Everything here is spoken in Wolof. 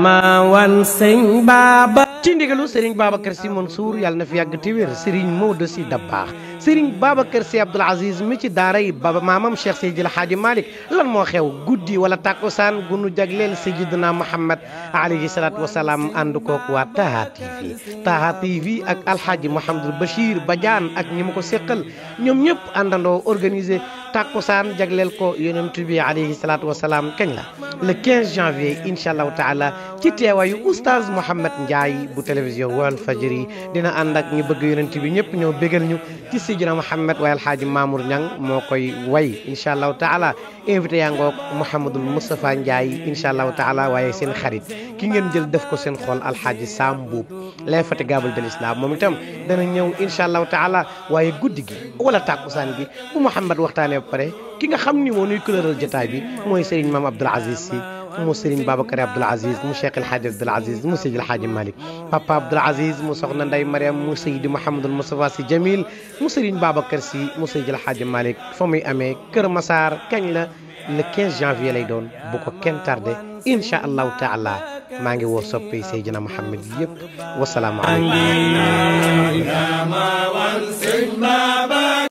ma wan sëñ baaba ci ndigalu sëriñ Babacar Sy Mansour yàlla na fi yàgg te wér sëriñ Maodo Sy Dabakh sëriñ Babacar Sy Abdoul Aziz mi ci daara yi baba maamam Cheikh Seydil Hadji Malick lan moo xew guddi wala tàkkusaan gunu jagleel Seydina Muhammad alayhi salaatu wasalaam ànd kooku waa Taha TV Taha TV ak Alhaji Mouhamadul Bachir Badiane ak ñi ma ko séqal ñoom ñëpp àndandoo organisé takusan jaglel ko yonent bi alayhi salatu wassalam kagn la le 15 janvier inshallah taala ci teewaayu oustaz Mouhamed Ndiaye bu télévision Walfadjri dina ànd ak ñu bëgg yonent bi ñëpp ñëw bégal ñu ci Sidina Mouhamed waaye alxaaji Mamour Niang moo koy way incha allahu taala invité yaa ngoog Mouhamadul Moustapha Ndiaye incha allahu taala waaye seen xarit ki ngeen jël def ko seen xool xol alxaaji Sam Mbuub l'infatigable de l'islam moom itam dana ñëw incha allahu taala waaye guddi gi wala tàkkusaan gi bu Mouhamed waxtaanee ba pare ki nga xam ni moo jotaay bi mooy Serigne Mame Abdoul Aziz Sy موسيرين بابا كري عبد العزيز مشيخ الحاج عبد العزيز مسجد الحاج مالك بابا عبد العزيز مسخنا داي مريم مسيد محمد المصطفى سي جميل موسيرين بابا كرسي مسجد الحاج مالك فمي امي كر مسار كان لا ل 15 جانفي لاي دون بوكو كين تاردي ان شاء الله تعالى ماغي و سوبي سيدنا محمد يب والسلام عليكم